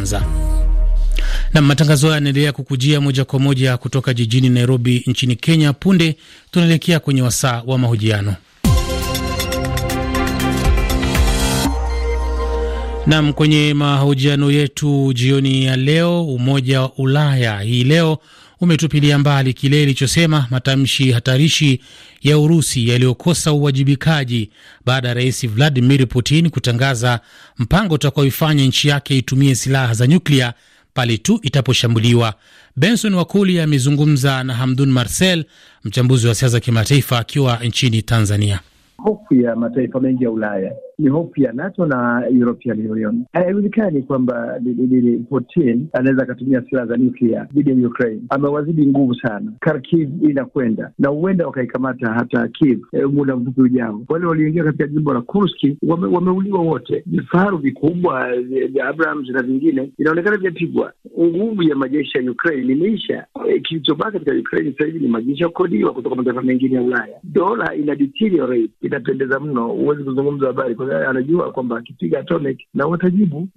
kwanza. Na matangazo haya yanaendelea kukujia moja kwa moja kutoka jijini Nairobi nchini Kenya. Punde tunaelekea kwenye wasaa wa mahojiano. Nam, kwenye mahojiano yetu jioni ya leo, Umoja wa Ulaya hii leo umetupilia mbali kile ilichosema matamshi hatarishi ya Urusi yaliyokosa uwajibikaji baada ya Rais Vladimir Putin kutangaza mpango utakaoifanya nchi yake itumie silaha za nyuklia pale tu itaposhambuliwa. Benson Wakuli amezungumza na Hamdun Marcel, mchambuzi wa siasa kimataifa, akiwa nchini Tanzania. Hofu ya mataifa mengi ya Ulaya ni hope ya NATO na European Union. Eh, haiwezekani kwamba Putin anaweza akatumia silaha za nuklia dhidi ya Ukraine. Amewazidi nguvu sana. Kharkiv inakwenda na huenda wakaikamata hata Kiev e, eh, muda mfupi ujao. Wale walioingia katika jimbo la Kurski wame, wameuliwa wote, vifaru vikubwa vya eh, Abrams na vingine inaonekana vyapigwa. Nguvu ya majeshi ya Ukraine imeisha. E, kilichobaka katika Ukraine sasa hivi ni majeshi ya kukodiwa kutoka mataifa mengine ya Ulaya. Dola ina deteriorate, inapendeza mno, huwezi kuzungumza habari kwa yeye anajua kwamba akipiga atomic na watajibu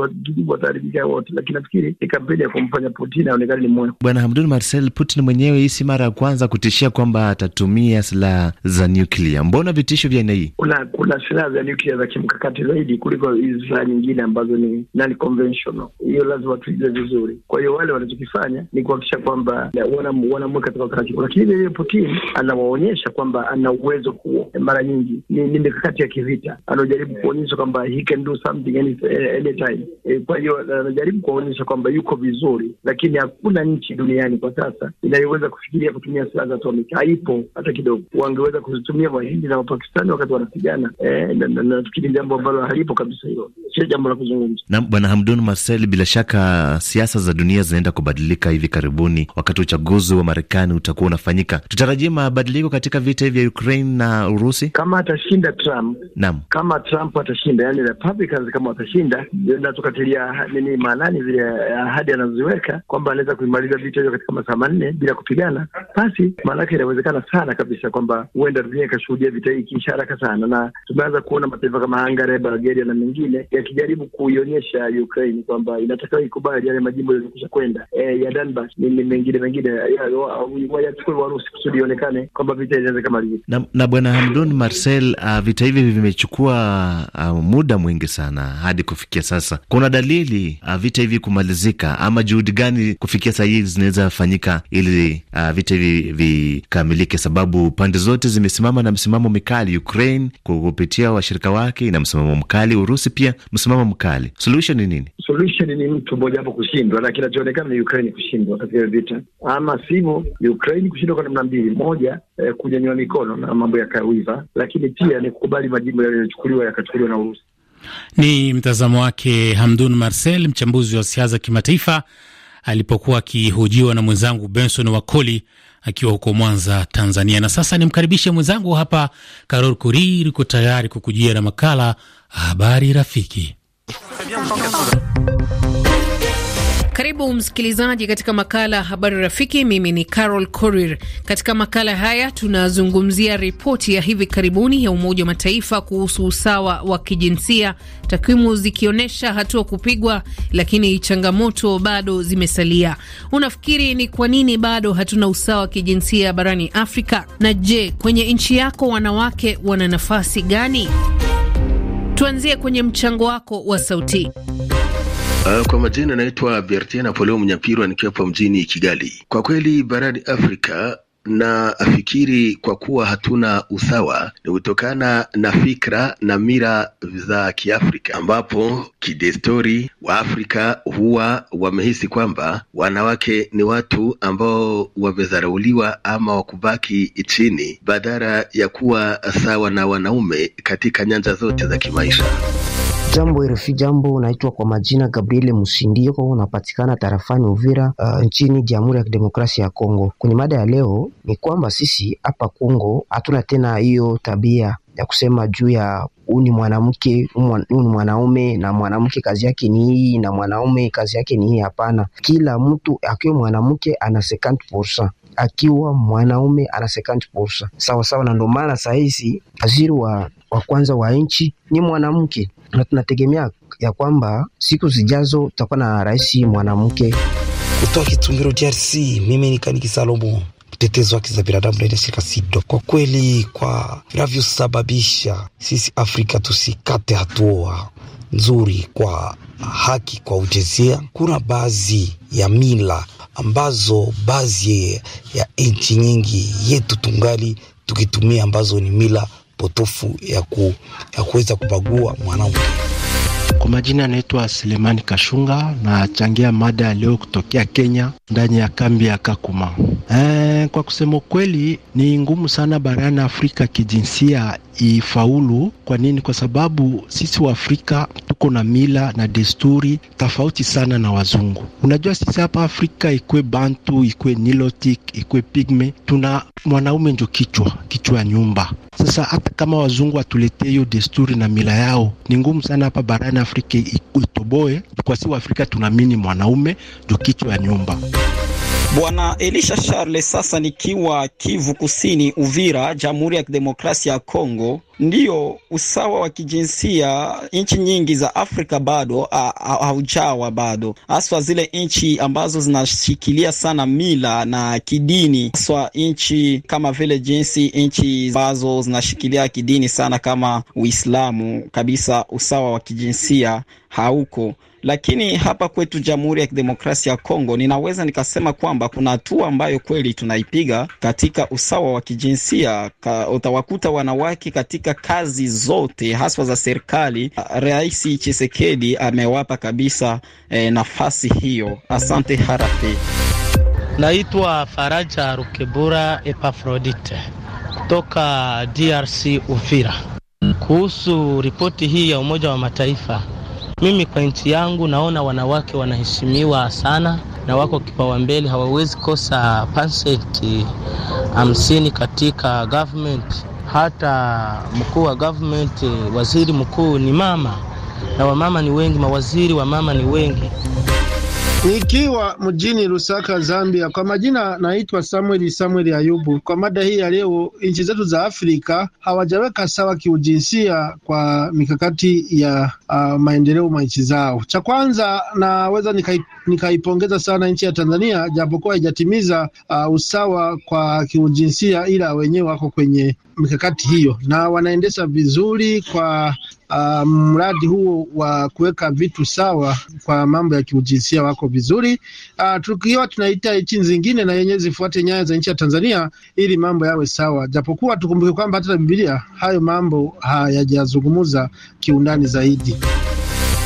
watajibu, wataharibika wote, lakini nafikiri ni kampeni ya kumfanya Putin aonekane ni mwema. Bwana Hamdun Marcel, Putin mwenyewe hii si mara ya kwanza kutishia kwamba atatumia silaha za nuklia. Mbona vitisho vya aina hii? Kuna kuna silaha za nuklia za kimkakati zaidi kuliko hizi silaha nyingine ambazo ni non conventional. Hiyo lazima tuijue vizuri. Kwa hiyo wale wanachokifanya ni kuhakikisha kwamba wanamweka toka taratibu, lakini vilevile Putin anawaonyesha kwamba ana uwezo huo. Mara nyingi ni, ni mikakati ya kivita anajaribu kuonyesha kwamba he can do something anytime. E, kwa hiyo eh, anajaribu kuonyesha kwamba yuko vizuri, lakini hakuna nchi duniani kwa sasa inayoweza kufikiria kutumia silaha za atomiki, haipo hata kidogo. Wangeweza kuzitumia Wahindi na Wapakistani wakati wanapigana, eh, nafikiri jambo ambalo halipo kabisa, hilo sio jambo la kuzungumza. Na Bwana Hamdun Marcel, bila shaka siasa za dunia zinaenda kubadilika hivi karibuni, wakati uchaguzi wa Marekani utakuwa unafanyika. Tutarajie mabadiliko katika vita vya Ukraine na Urusi kama atashinda Trump. Naam kama Trump atashinda, yani Republicans kama watashinda, enda tukatilia nini maanani zile eh, ahadi anazoziweka kwamba anaweza kuimaliza vita hivyo katika masaa manne bila kupigana, basi maanake inawezekana sana kabisa kwamba huenda dunia ikashuhudia vita hii ikiisha haraka sana, na tumeanza kuona mataifa kama Hungary, Bulgaria na mengine yakijaribu kuionyesha Ukraine kwamba inatakiwa ikubali yale majimbo yaliyokusha kwenda e, ya Donbas ni mengine mengine wayachukue Warusi kusudi ionekane kwamba vita inaweza ikamalizika. Na, na Bwana Hamdun Marcel, uh, vita hivi vimechukua Imechukua uh, ah, muda mwingi sana hadi kufikia sasa. Kuna dalili uh, vita hivi kumalizika, ama juhudi gani kufikia saa hii zinaweza fanyika ili uh, vita hivi vikamilike? Sababu pande zote zimesimama na msimamo mikali. Ukraine kupitia washirika wake ina msimamo mkali, Urusi pia msimamo mkali. Solution ni nini? Solution ni mtu mmoja hapo kushindwa, na kinachoonekana ni Ukraine kushindwa katika vita, ama sivyo Ukraine kushindwa kwa namna mbili, moja eh, kunyanyua mikono na mambo yakawiva, lakini pia ni kukubali majimbo yaliyochukuliwa yakachukuliwa na Urusi. Ni mtazamo wake Hamdun Marcel, mchambuzi wa siasa kimataifa, alipokuwa akihojiwa na mwenzangu Benson Wakoli akiwa huko Mwanza, Tanzania. Na sasa nimkaribishe mwenzangu hapa Karol Kuriri, yuko tayari kukujia na makala Habari Rafiki. Karibu msikilizaji katika makala ya habari rafiki. Mimi ni Carol Korir. Katika makala haya tunazungumzia ripoti ya hivi karibuni ya Umoja wa Mataifa kuhusu usawa wa kijinsia, takwimu zikionyesha hatua kupigwa, lakini changamoto bado zimesalia. Unafikiri ni kwa nini bado hatuna usawa wa kijinsia barani Afrika? Na je, kwenye nchi yako wanawake wana nafasi gani? Tuanzie kwenye mchango wako wa sauti. Uh, kwa majina naitwa Bertin Apoleo Mnyapirwa nikiwepo mjini Kigali. Kwa kweli barani Afrika na afikiri kwa kuwa hatuna usawa ni kutokana na fikra na mira za Kiafrika, ambapo kidestori Waafrika huwa wamehisi kwamba wanawake ni watu ambao wamedharauliwa ama wakubaki chini badala ya kuwa sawa na wanaume katika nyanja zote za kimaisha. Jambo RFI, jambo. Unaitwa kwa majina Gabriel Musindioko, unapatikana tarafani Uvira, uh, nchini Jamhuri ya Kidemokrasia ya Kongo. Kwenye mada ya leo ni kwamba sisi hapa Kongo hatuna tena hiyo tabia ya kusema juu ya huu ni mwanamke, huu ni mwanaume, na mwanamke kazi yake ni hii na mwanaume kazi yake ni hii. Hapana, kila mtu akiwa mwanamke ana 50% akiwa mwanaume ana second sawa sawasawa, na ndio maana sahizi waziri wa, wa kwanza wa nchi ni mwanamke, na tunategemea ya kwamba siku zijazo tutakuwa na rais mwanamke kutoka Kitumbiro, DRC. Mimi ni Kaniki Salomo mtetezi wa haki za binadamu ndani ya shirika SIDO. Kwa kweli, kwa vinavyosababisha sisi Afrika tusikate hatua nzuri kwa haki kwa ujezia, kuna baadhi ya mila ambazo baadhi ya nchi nyingi yetu tungali tukitumia, ambazo ni mila potofu ya, ku, ya kuweza kubagua mwanamke. Kwa majina anaitwa Selemani Kashunga na mada ya leo kutokea Kenya ndani ya kambi ya Kakuma. E, kwa kusema kweli ni ngumu sana barani Afrika kijinsia ifaulu. Kwa nini? Kwa sababu sisi wa afrika tuko na mila na desturi tofauti sana na wazungu. Unajua, sisi hapa Afrika, ikwe Bantu, ikwe Nilotic, ikwe Pigme, tuna mwanaume njo kichwa kichwa ya nyumba. Sasa hata kama wazungu watuletee hiyo desturi na mila yao, ni ngumu sana hapa barani Afrika itoboe, kwa si Waafrika tunaamini mwanaume njo kichwa ya nyumba. Bwana Elisha Charles, sasa nikiwa Kivu Kusini, Uvira, Jamhuri ya Kidemokrasia ya Kongo. Ndiyo, usawa wa kijinsia nchi nyingi za Afrika bado haujawa bado, haswa zile nchi ambazo zinashikilia sana mila na kidini, haswa nchi kama vile jinsi nchi ambazo zinashikilia kidini sana kama Uislamu kabisa, usawa wa kijinsia hauko lakini hapa kwetu Jamhuri ya Kidemokrasia ya Kongo, ninaweza nikasema kwamba kuna hatua ambayo kweli tunaipiga katika usawa wa kijinsia. Utawakuta wanawake katika kazi zote, haswa za serikali. Rais Chisekedi amewapa kabisa eh, nafasi hiyo. Asante harafi. Naitwa Faraja Rukebura Epafrodite kutoka DRC Uvira. Kuhusu ripoti hii ya Umoja wa Mataifa mimi kwa nchi yangu naona wanawake wanaheshimiwa sana na wako kipawa mbele hawawezi kosa pasenti hamsini katika government. Hata mkuu wa government, waziri mkuu ni mama, na wamama ni wengi, mawaziri wa mama ni wengi. Nikiwa mjini Lusaka, Zambia. Kwa majina naitwa samueli Samuel Ayubu. Kwa mada hii ya leo, nchi zetu za Afrika hawajaweka sawa kiujinsia kwa mikakati ya uh, maendeleo ma nchi zao. Cha kwanza naweza nikaipongeza nika sana nchi ya Tanzania, japokuwa haijatimiza uh, usawa kwa kiujinsia, ila wenyewe wako kwenye mikakati hiyo na wanaendesha vizuri kwa uh, mradi huu wa kuweka vitu sawa kwa mambo ya kiujinsia wako vizuri. Uh, ah, tukiwa tunaita nchi zingine na yenyewe zifuate nyayo za nchi ya Tanzania ili mambo yawe sawa, japokuwa tukumbuke kwamba hata Biblia hayo mambo hayajazungumza kiundani zaidi.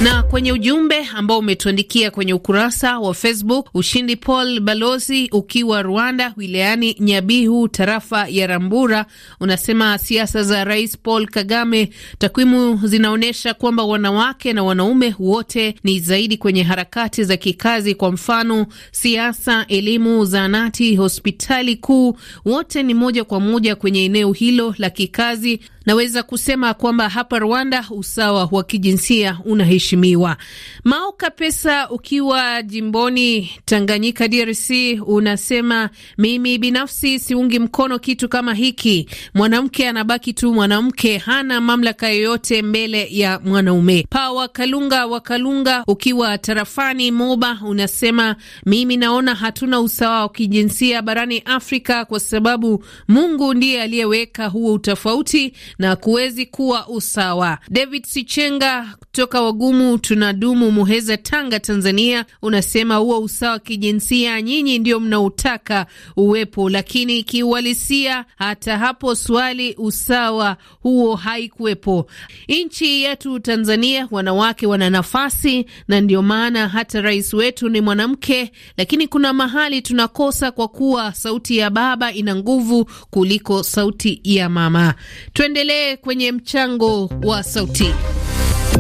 Na kwenye ujumbe ambao umetuandikia kwenye ukurasa wa Facebook, Ushindi Paul balozi ukiwa Rwanda, wilayani Nyabihu, tarafa ya Rambura, unasema siasa za Rais Paul Kagame, takwimu zinaonyesha kwamba wanawake na wanaume wote ni zaidi kwenye harakati za kikazi, kwa mfano siasa, elimu, zahanati, hospitali kuu, wote ni moja kwa moja kwenye eneo hilo la kikazi naweza kusema kwamba hapa Rwanda usawa wa kijinsia unaheshimiwa. Maoka Pesa, ukiwa jimboni Tanganyika, DRC, unasema mimi binafsi siungi mkono kitu kama hiki. Mwanamke anabaki tu mwanamke, hana mamlaka yoyote mbele ya mwanaume. Pa Wakalunga Wakalunga, ukiwa tarafani Moba, unasema mimi naona hatuna usawa wa kijinsia barani Afrika kwa sababu Mungu ndiye aliyeweka huo utofauti na kuwezi kuwa usawa. David Sichenga kutoka Wagumu Tunadumu, Muheza, Tanga, Tanzania, unasema huo usawa wa kijinsia nyinyi ndio mnautaka uwepo, lakini kiuhalisia hata hapo swali usawa huo haikuwepo. Nchi yetu Tanzania, wanawake wana nafasi na ndio maana hata rais wetu ni mwanamke, lakini kuna mahali tunakosa kwa kuwa sauti ya baba ina nguvu kuliko sauti ya mama. Twende tuendelee kwenye mchango wa sauti.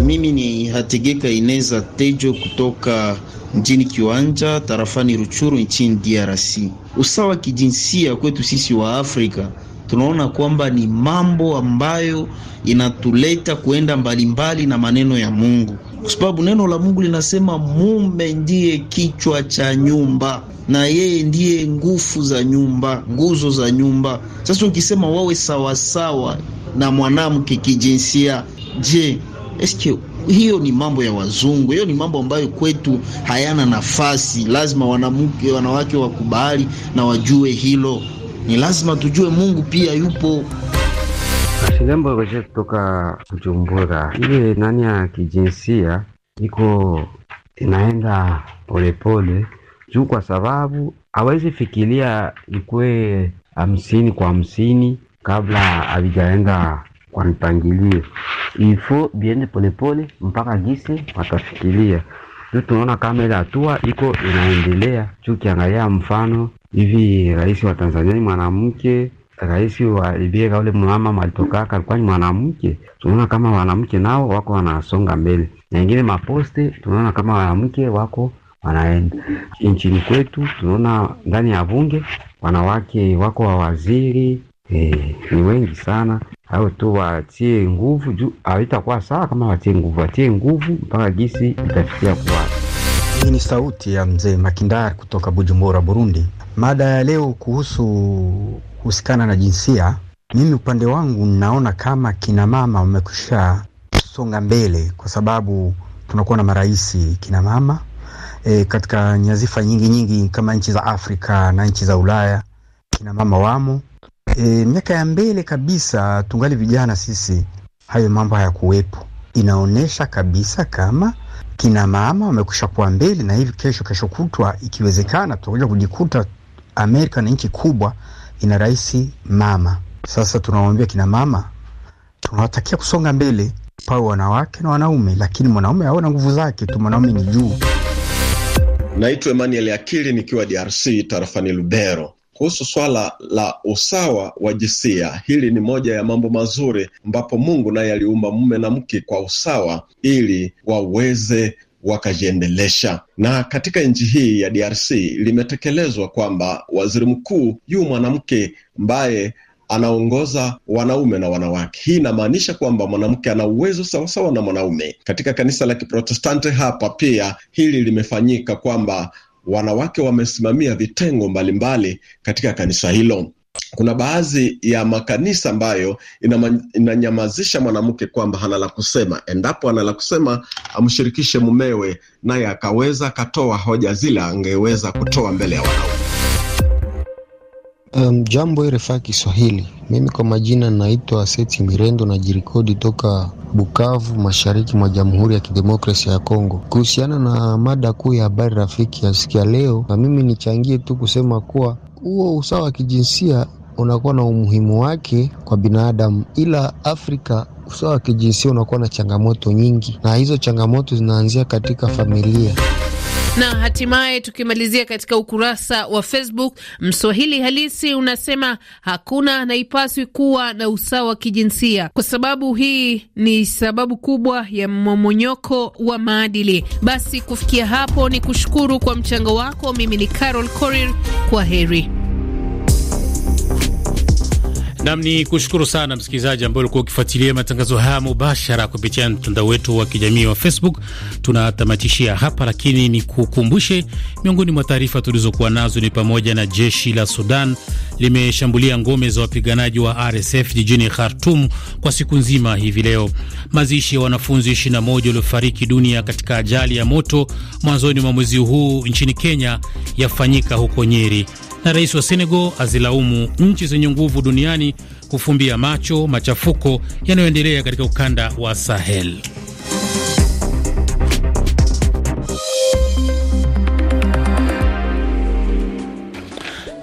Mimi ni Hategeka Ineza Tejo kutoka mjini Kiwanja tarafani Ruchuru nchini DRC. Usawa kijinsia kwetu sisi wa Afrika tunaona kwamba ni mambo ambayo inatuleta kuenda mbalimbali na maneno ya Mungu, kwa sababu neno la Mungu linasema mume ndiye kichwa cha nyumba na yeye ndiye nguvu za nyumba, nguzo za nyumba. Sasa ukisema wawe sawasawa na mwanamke kijinsia. Je, eske hiyo ni mambo ya wazungu? Hiyo ni mambo ambayo kwetu hayana nafasi. Lazima wanamke, wanawake wakubali na wajue hilo. Ni lazima tujue Mungu pia yupo. Shilembo Roje kutoka Kujumbura. Ile nani ya kijinsia iko inaenda polepole juu, kwa sababu hawezi fikiria ikwe hamsini kwa hamsini kabla havijaenda kwa mpangilio, ifo biende polepole mpaka gisi watafikilia. Ndio tunaona kama ile hatua iko inaendelea. Tukiangalia mfano hivi, rais wa Tanzania ni mwanamke, rais wa Liberia ule mama alitokaka alikuwa ni mwanamke. Tunaona kama wanamke nao wako wanasonga mbele, na ingine maposte, tunaona kama wanamke wako wanaenda nchini kwetu. Tunaona ndani ya bunge wanawake wako wawaziri, Eh, ni wengi sana. Au tu watie nguvu juu, haitakuwa sawa kama watie nguvu, watie nguvu mpaka gisi itafikia kuwa. Hii ni sauti ya mzee Makindar kutoka Bujumbura, Burundi. Mada ya leo kuhusu kuhusikana na jinsia, mimi upande wangu naona kama kina mama songa mbele, kwa sababu tunakuwa na marahisi kina mama e, katika nyazifa nyingi nyingi kama nchi za Afrika na nchi za Ulaya, kina mama wamo E, miaka ya mbele kabisa tungali vijana sisi, hayo mambo hayakuwepo. Inaonyesha kabisa kama kina mama wamekusha kuwa mbele, na hivi kesho, kesho kutwa, ikiwezekana, tutakuja kujikuta Amerika ni nchi kubwa, ina rais mama. Sasa tunawaambia kina mama, tunawatakia kusonga mbele pawe wanawake na wanaume, lakini mwanaume aona nguvu zake tu, mwanaume ni juu. Naitwa Emmanuel Akili nikiwa DRC tarafani Lubero. Kuhusu swala la usawa wa jinsia, hili ni moja ya mambo mazuri ambapo Mungu naye aliumba mume na mke kwa usawa ili waweze wakajiendelesha. Na katika nchi hii ya DRC limetekelezwa kwamba waziri mkuu yu mwanamke ambaye anaongoza wanaume na wanawake. Hii inamaanisha kwamba mwanamke ana uwezo sawasawa na mwanaume. Katika kanisa la Kiprotestanti hapa pia hili limefanyika kwamba wanawake wamesimamia vitengo mbalimbali mbali katika kanisa hilo. Kuna baadhi ya makanisa ambayo inanyamazisha mwanamke kwamba hana la kusema. Endapo ana la kusema, amshirikishe mumewe, naye akaweza akatoa hoja zile angeweza kutoa mbele ya wanaume. Um, jambo RFI Kiswahili, mimi kwa majina naitwa Seti Mirendo na jirikodi toka Bukavu, mashariki mwa Jamhuri ya Kidemokrasia ya Kongo. Kuhusiana na mada kuu ya habari rafiki ya siku ya leo, na mimi nichangie tu kusema kuwa huo usawa wa kijinsia unakuwa na umuhimu wake kwa binadamu, ila Afrika usawa wa kijinsia unakuwa na changamoto nyingi, na hizo changamoto zinaanzia katika familia. Na hatimaye tukimalizia katika ukurasa wa Facebook, Mswahili halisi unasema hakuna anaipaswi kuwa na usawa wa kijinsia, kwa sababu hii ni sababu kubwa ya mmomonyoko wa maadili. Basi kufikia hapo ni kushukuru kwa mchango wako. Mimi ni Carol Korir, kwa heri. Nam ni kushukuru sana msikilizaji ambaye ulikuwa ukifuatilia matangazo haya mubashara kupitia mtandao wetu wa kijamii wa Facebook. Tunatamatishia hapa, lakini ni kukumbushe miongoni mwa taarifa tulizokuwa nazo ni pamoja na jeshi la Sudan limeshambulia ngome za wapiganaji wa RSF jijini khartum kwa siku nzima hivi leo. Mazishi ya wanafunzi 21 waliofariki dunia katika ajali ya moto mwanzoni mwa mwezi huu nchini Kenya yafanyika huko Nyeri. Na rais wa Senegal azilaumu nchi zenye nguvu duniani kufumbia macho machafuko yanayoendelea katika ukanda wa Sahel.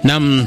Nam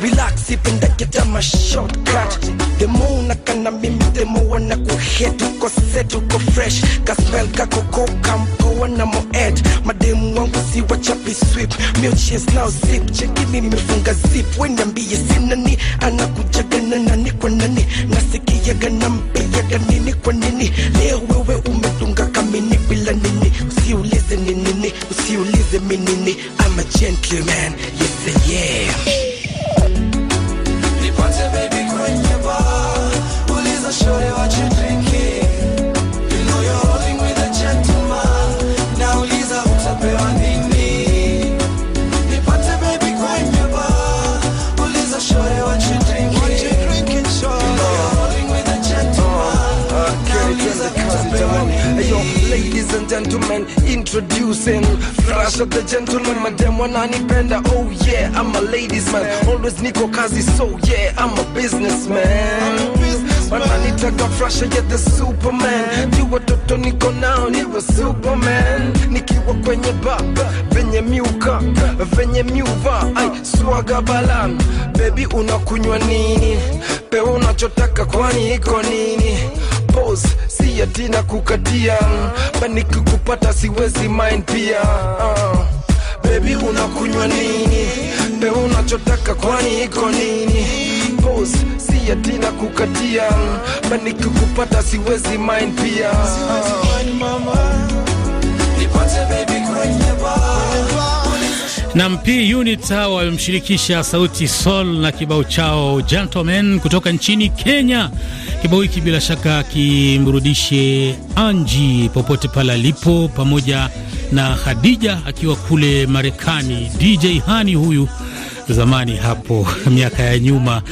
relax get my shortcut the moon I can ipenda kita mashortcut I unakana hit demo set to go fresh go come and I'm my dem kaspel see what you be sweep me swip now zip check me funga zip when I'm weniambie sinani anakujagana nani kwa nani nasikiaga nampiaga nini kwa nini leo wewe umetunga kamini bila nini usiulize ninini usiulize nini I'm a gentleman yes yeah ladies and gentlemen, introducing Flash of the gentleman, My madam wananipenda, oh yeah, I'm a ladies man Always niko kazi, so yeah, I'm a businessman Wananitaka Flash, yeah, the superman Do what moto niko nao niwe superman nikiwa kwenye baba venye miuka venye miuva ai swaga balan baby unakunywa nini pewe unachotaka kwani iko nini pose si yatina kukatia bani kukupata siwezi mind pia uh. bebi unakunywa nini pewe unachotaka kwani iko nini pose si kukatia tina kukatia bani kukupata siwezi mind pia na mp unit hawa wamemshirikisha sauti Sol na kibao chao gentleman kutoka nchini Kenya. Kibao hiki bila shaka kimrudishe Anji popote pale alipo, pamoja na Khadija akiwa kule Marekani. DJ Hani huyu zamani hapo miaka ya nyuma,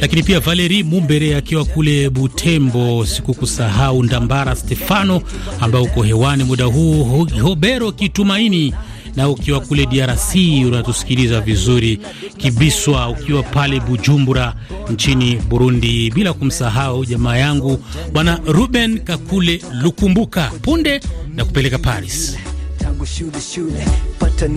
lakini pia Valeri Mumbere akiwa kule Butembo, siku kusahau Ndambara Stefano ambao uko hewani muda huu, Hobero Kitumaini na ukiwa kule DRC unatusikiliza vizuri, Kibiswa ukiwa pale Bujumbura nchini Burundi, bila kumsahau jamaa yangu bwana Ruben Kakule Lukumbuka, punde na kupeleka Paris.